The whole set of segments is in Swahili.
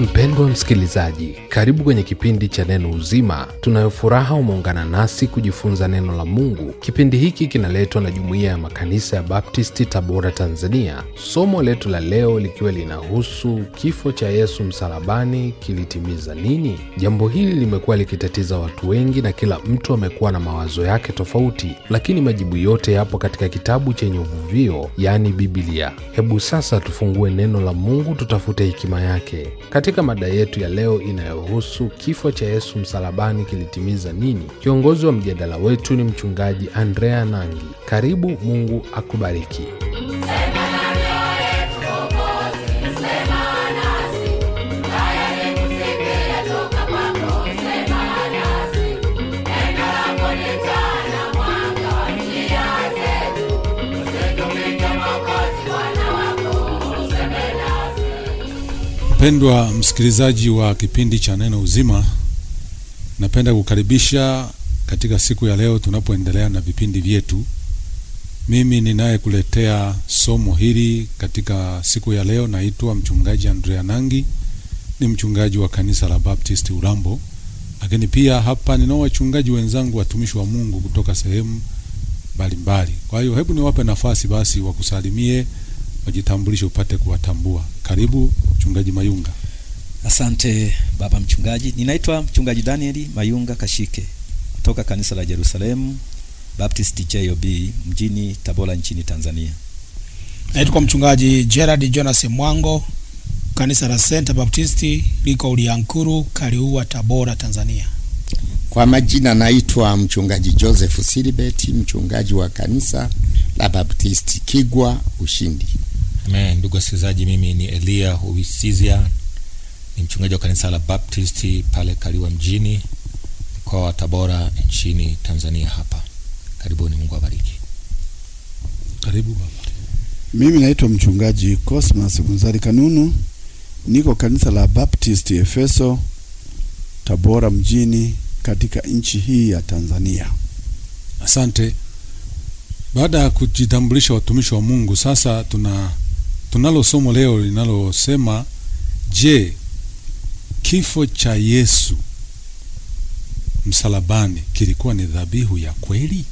Mpendwa msikilizaji, karibu kwenye kipindi cha Neno Uzima. Tunayo furaha umeungana nasi kujifunza neno la Mungu. Kipindi hiki kinaletwa na Jumuiya ya Makanisa ya Baptisti, Tabora, Tanzania. Somo letu la leo likiwa linahusu kifo cha Yesu msalabani kilitimiza nini? Jambo hili limekuwa likitatiza watu wengi na kila mtu amekuwa na mawazo yake tofauti, lakini majibu yote yapo katika kitabu chenye uvuvio, yaani Biblia. Hebu sasa tufungue neno la Mungu, tutafute hekima yake katika katika mada yetu ya leo inayohusu kifo cha Yesu msalabani kilitimiza nini, kiongozi wa mjadala wetu ni Mchungaji Andrea Nangi. Karibu, Mungu akubariki. Mpendwa msikilizaji wa kipindi cha Neno Uzima, napenda kukaribisha katika siku ya leo tunapoendelea na vipindi vyetu. Mimi ninayekuletea somo hili katika siku ya leo naitwa mchungaji Andrea Nangi, ni mchungaji wa kanisa la Baptist Urambo, lakini pia hapa ninao wachungaji wenzangu, watumishi wa Mungu kutoka sehemu mbalimbali. Kwa hiyo hebu niwape nafasi basi wakusalimie wajitambulishe upate kuwatambua. Karibu Mchungaji Mayunga. Asante baba mchungaji, ninaitwa Mchungaji daniel Mayunga Kashike kutoka kanisa la Jerusalemu Baptist JOB mjini Tabora nchini Tanzania. Naitwa Mchungaji Gerard Jonas Mwango kanisa la Center Baptist liko Uliankuru, Kaliua, Tabora, Tanzania. Kwa majina naitwa Mchungaji Joseph Silibeti, mchungaji wa kanisa la Baptisti Kigwa Ushindi. Amen. Ndugu wasikilizaji, mimi ni Elia Huisizia, ni mchungaji wa kanisa la Baptisti pale Kaliwa mjini mkoa wa Tabora nchini Tanzania hapa. Karibuni, Mungu awabariki. Karibu baba. Mimi naitwa mchungaji Cosmas Gunzari Kanunu, niko kanisa la Baptisti Efeso Tabora mjini katika nchi hii ya Tanzania. Asante. Baada ya kujitambulisha watumishi wa Mungu, sasa tuna tunalo somo leo linalosema je, kifo cha Yesu msalabani kilikuwa ni dhabihu ya kweli?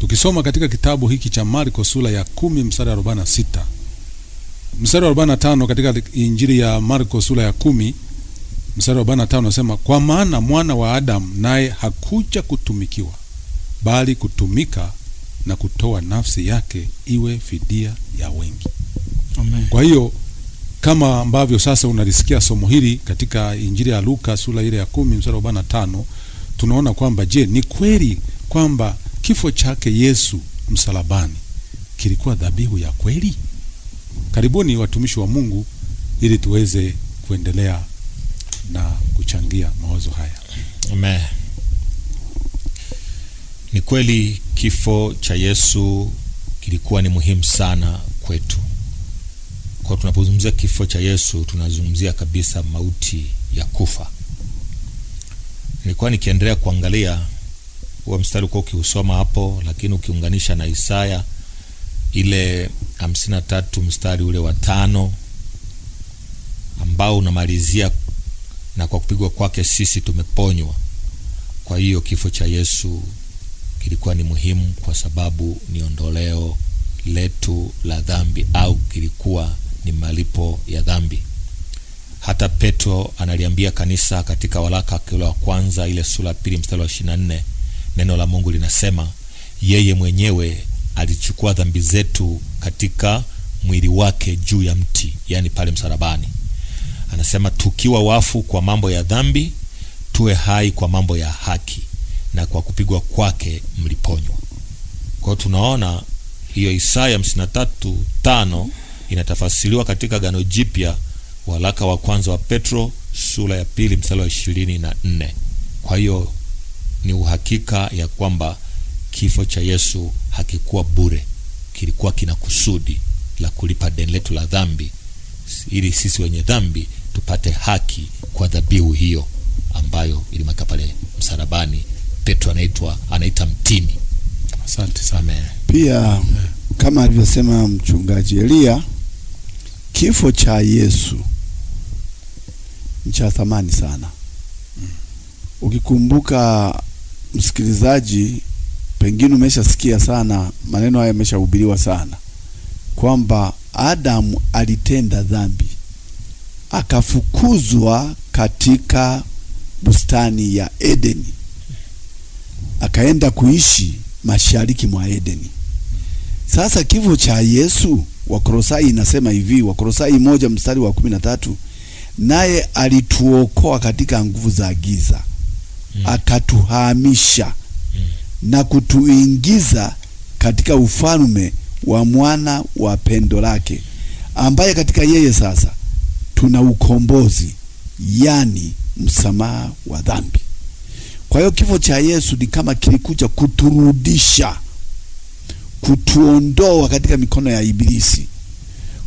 Tukisoma katika kitabu hiki cha Marko sura ya kumi mstari wa 46 mstari wa 45 katika Injili ya Marko sura ya kumi mstari wa 45 unasema, kwa maana mwana wa Adamu naye hakuja kutumikiwa, bali kutumika na kutoa nafsi yake iwe fidia ya wengi. Amen. Kwa hiyo kama ambavyo sasa unalisikia somo hili katika Injili ya Luka sura ile ya kumi mstari wa arobaini na tano tunaona kwamba je, ni kweli kwamba kifo chake Yesu msalabani kilikuwa dhabihu ya kweli? Karibuni watumishi wa Mungu ili tuweze kuendelea na kuchangia mawazo haya. Amen. Ni kweli kifo cha Yesu kilikuwa ni muhimu sana kwetu kwa tunapozungumzia kifo cha Yesu tunazungumzia kabisa mauti ya kufa. Nilikuwa nikiendelea kuangalia huo mstari ulikuwa ukiusoma hapo, lakini ukiunganisha na Isaya ile hamsini na tatu mstari ule wa tano ambao unamalizia na kwa kupigwa kwake sisi tumeponywa. Kwa hiyo kifo cha Yesu kilikuwa ni muhimu kwa sababu ni ondoleo letu la dhambi, au kilikuwa ni malipo ya dhambi. Hata Petro analiambia kanisa katika waraka wake wa kwanza ile sura pili mstari wa 24, neno la Mungu linasema yeye mwenyewe alichukua dhambi zetu katika mwili wake juu ya mti, yani pale msalabani. Anasema tukiwa wafu kwa mambo ya dhambi, tuwe hai kwa mambo ya haki, na kwa kupigwa kwake mliponywa. Kwa hiyo tunaona hiyo Isaya 53:5 inatafasiliwa katika Gano Jipya, waraka wa kwanza wa Petro sura ya pili mstari wa ishirini na nne. Kwa hiyo ni uhakika ya kwamba kifo cha Yesu hakikuwa bure, kilikuwa kina kusudi la kulipa deni letu la dhambi, ili sisi wenye dhambi tupate haki kwa dhabihu hiyo ambayo ilimaka pale msalabani. Petro anaitwa anaita mtini. Asante sana. Pia kama alivyosema mchungaji Elia Kifo cha Yesu ni cha thamani sana. Ukikumbuka msikilizaji, pengine umeshasikia sana maneno haya, yameshahubiriwa sana kwamba Adamu alitenda dhambi, akafukuzwa katika bustani ya Edeni, akaenda kuishi mashariki mwa Edeni. Sasa kifo cha Yesu, wakorosai inasema hivi, wakorosai moja mstari wa kumi na tatu naye alituokoa katika nguvu za giza mm. akatuhamisha mm. na kutuingiza katika ufalme wa mwana wa pendo lake, ambaye katika yeye sasa tuna ukombozi, yani msamaha wa dhambi. Kwa hiyo kifo cha Yesu ni kama kilikuja kuturudisha kutuondoa katika mikono ya Ibilisi,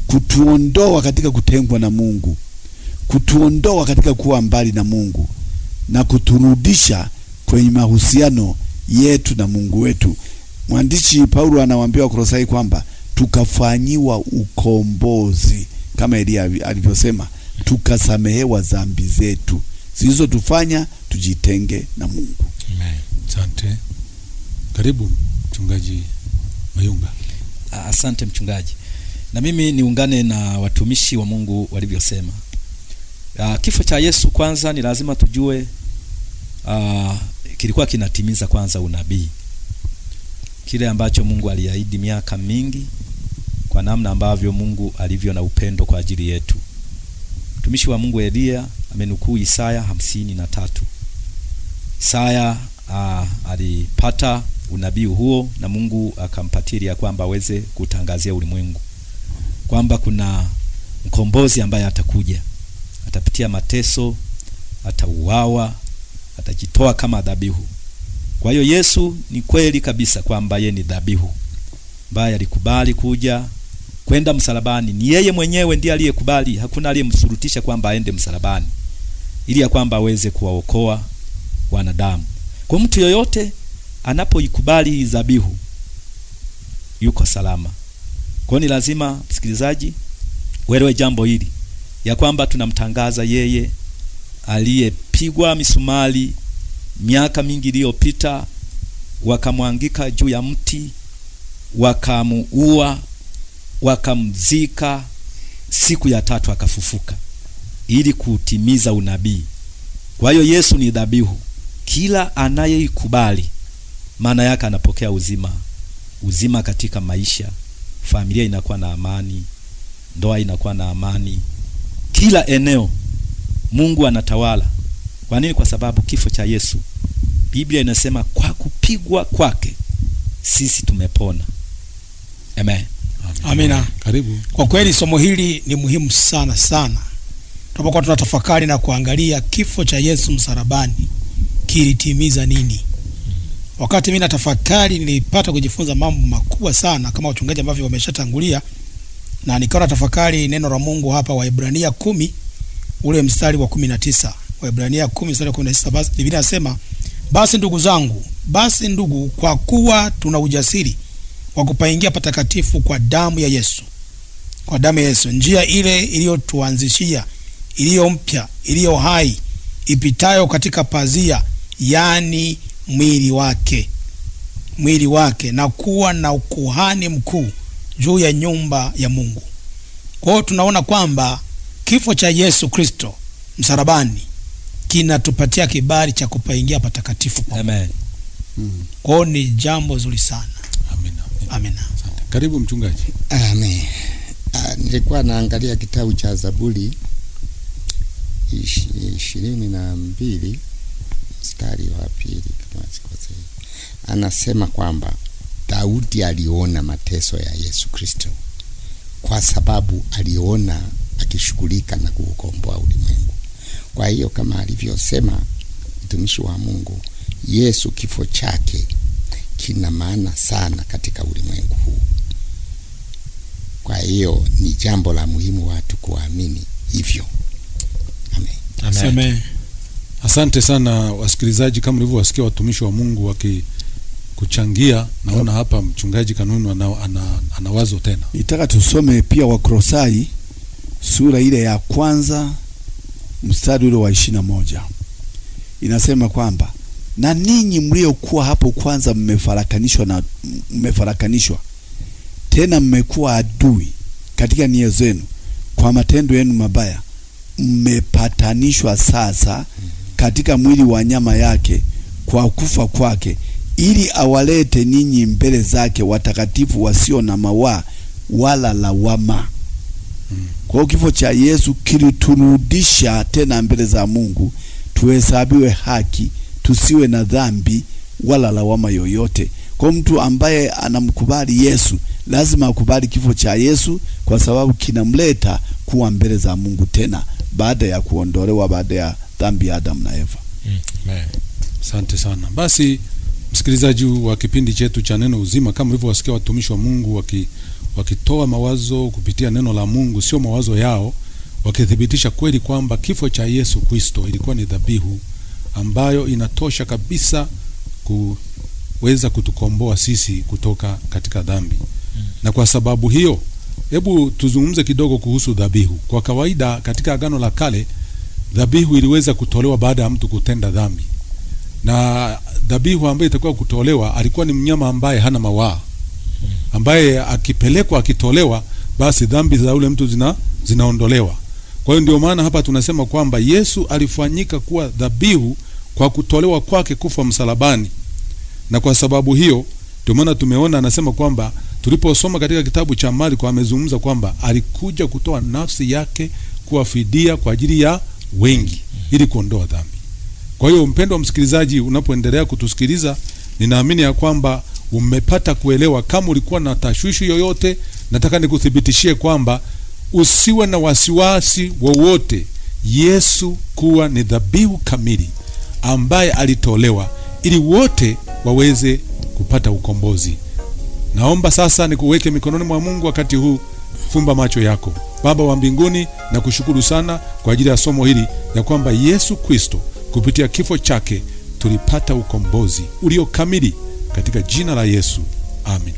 kutuondoa katika kutengwa na Mungu, kutuondoa katika kuwa mbali na Mungu na kuturudisha kwenye mahusiano yetu na Mungu wetu. Mwandishi Paulo anawaambia Wakolosai kwamba tukafanyiwa ukombozi kama Elia alivyosema, tukasamehewa dhambi zetu zilizotufanya tujitenge na Mungu. Amen. Asante. Karibu mchungaji. Mayunga. Ah, asante mchungaji, na mimi niungane na watumishi wa Mungu walivyosema. Ah, kifo cha Yesu kwanza ni lazima tujue aa, ah, kilikuwa kinatimiza kwanza unabii, kile ambacho Mungu aliahidi miaka mingi, kwa namna ambavyo Mungu alivyo na upendo kwa ajili yetu. Mtumishi wa Mungu Elia amenukuu Isaya hamsini na tatu. Isaya alipata unabii huo, na Mungu akampatilia kwamba aweze kutangazia ulimwengu kwamba kuna mkombozi ambaye atakuja, atapitia mateso, atauawa, atajitoa kama dhabihu. Kwa hiyo Yesu ni kweli kabisa kwamba ye ni dhabihu ambaye alikubali kuja kwenda msalabani. Ni yeye mwenyewe ndiye aliyekubali, hakuna aliyemshurutisha kwamba aende msalabani, ili ya kwamba aweze kuwaokoa wanadamu. Kwa mtu yoyote anapoikubali dhabihu yuko salama. Kwa ni lazima msikilizaji uelewe jambo hili ya kwamba tunamtangaza yeye aliyepigwa misumari miaka mingi iliyopita, wakamwangika juu ya mti, wakamuua, wakamzika, siku ya tatu akafufuka ili kutimiza unabii. Kwa hiyo Yesu ni dhabihu, kila anayeikubali maana yake anapokea uzima, uzima katika maisha. Familia inakuwa na amani, ndoa inakuwa na amani, kila eneo Mungu anatawala. Kwa nini? Kwa sababu kifo cha Yesu, Biblia inasema kwa kupigwa kwake sisi tumepona. Amen. Amina. Karibu. Kwa kweli somo hili ni muhimu sana sana, tunapokuwa tunatafakari na kuangalia kifo cha Yesu msalabani kilitimiza nini Wakati mimi natafakari, nilipata kujifunza mambo makubwa sana kama wachungaji ambavyo wameshatangulia, na nikawa natafakari neno la Mungu hapa, Waebrania kumi ule mstari wa kumi na tisa Waebrania kumi mstari wa kumi na tisa basi Biblia inasema basi ndugu zangu, basi ndugu, kwa kuwa tuna ujasiri wa kupaingia patakatifu kwa damu ya Yesu, kwa damu ya Yesu, njia ile iliyotuanzishia, iliyo mpya, iliyo hai, ipitayo katika pazia, yani mwili wake mwili wake na kuwa na ukuhani mkuu juu ya nyumba ya Mungu. Kwa hiyo tunaona kwamba kifo cha Yesu Kristo msalabani kinatupatia kibali cha kupaingia patakatifu pa Mungu. Amen. Hmm. Kwa hiyo ni jambo zuri sana. Amen. Amen. Amen. Karibu mchungaji. Amen. A, ah, nilikuwa naangalia kitabu cha Zaburi ishirini na mbili mstari wa pili kama sikosei, anasema kwamba Daudi aliona mateso ya Yesu Kristo kwa sababu aliona akishughulika na kuukomboa ulimwengu. Kwa hiyo kama alivyosema mtumishi wa Mungu, Yesu kifo chake kina maana sana katika ulimwengu huu. Kwa hiyo ni jambo la muhimu watu kuamini hivyo. Amen. Amen. Amen. Asante sana wasikilizaji, kama mlivyowasikia watumishi wa Mungu wakikuchangia, naona hapa mchungaji Kanunu ana, ana, ana wazo tena. Nitaka tusome pia Wakolosai sura ile ya kwanza mstari ule wa ishirini na moja inasema kwamba na ninyi mliokuwa hapo kwanza mmefarakanishwa na mmefarakanishwa tena mmekuwa adui katika nia zenu kwa matendo yenu mabaya, mmepatanishwa sasa mm katika mwili wa nyama yake kwa kufa kwake, ili awalete ninyi mbele zake watakatifu wasio na mawaa wala lawama. Kwa kifo cha Yesu kiliturudisha tena mbele za Mungu, tuhesabiwe haki, tusiwe na dhambi wala lawama yoyote. Kwa mtu ambaye anamkubali Yesu lazima akubali kifo cha Yesu, kwa sababu kinamleta kuwa mbele za Mungu tena baada ya kuondolewa, baada ya dhambi ya Adam na Eva. Mm, Asante mm. sana. Basi msikilizaji wa kipindi chetu cha Neno Uzima, kama hivyo wasikia watumishi wa Mungu waki, wakitoa mawazo kupitia neno la Mungu, sio mawazo yao, wakithibitisha kweli kwamba kifo cha Yesu Kristo ilikuwa ni dhabihu ambayo inatosha kabisa kuweza kutukomboa sisi kutoka katika dhambi mm. na kwa sababu hiyo, hebu tuzungumze kidogo kuhusu dhabihu. Kwa kawaida katika Agano la Kale dhabihu iliweza kutolewa baada ya mtu kutenda dhambi, na dhabihu ambayo itakuwa kutolewa alikuwa ni mnyama ambaye hana mawaa, ambaye akipelekwa akitolewa, basi dhambi za ule mtu zina zinaondolewa. Kwa hiyo ndio maana hapa tunasema kwamba Yesu alifanyika kuwa dhabihu kwa kutolewa kwake kufa msalabani, na kwa sababu hiyo ndio maana tumeona anasema kwamba tuliposoma katika kitabu cha Marko amezungumza kwamba alikuja kutoa nafsi yake kuwa fidia kwa ajili ya wengi ili kuondoa dhambi. Kwa hiyo mpendwa msikilizaji, unapoendelea kutusikiliza, ninaamini ya kwamba umepata kuelewa. Kama ulikuwa na tashwishi yoyote, nataka nikuthibitishie kwamba usiwe na wasiwasi wowote. Yesu kuwa ni dhabihu kamili ambaye alitolewa ili wote waweze kupata ukombozi. Naomba sasa nikuweke mikononi mwa Mungu wakati huu. Fumba macho yako. Baba wa mbinguni, na kushukuru sana kwa ajili ya somo hili ya kwamba Yesu Kristo kupitia kifo chake tulipata ukombozi ulio kamili katika jina la Yesu, amina.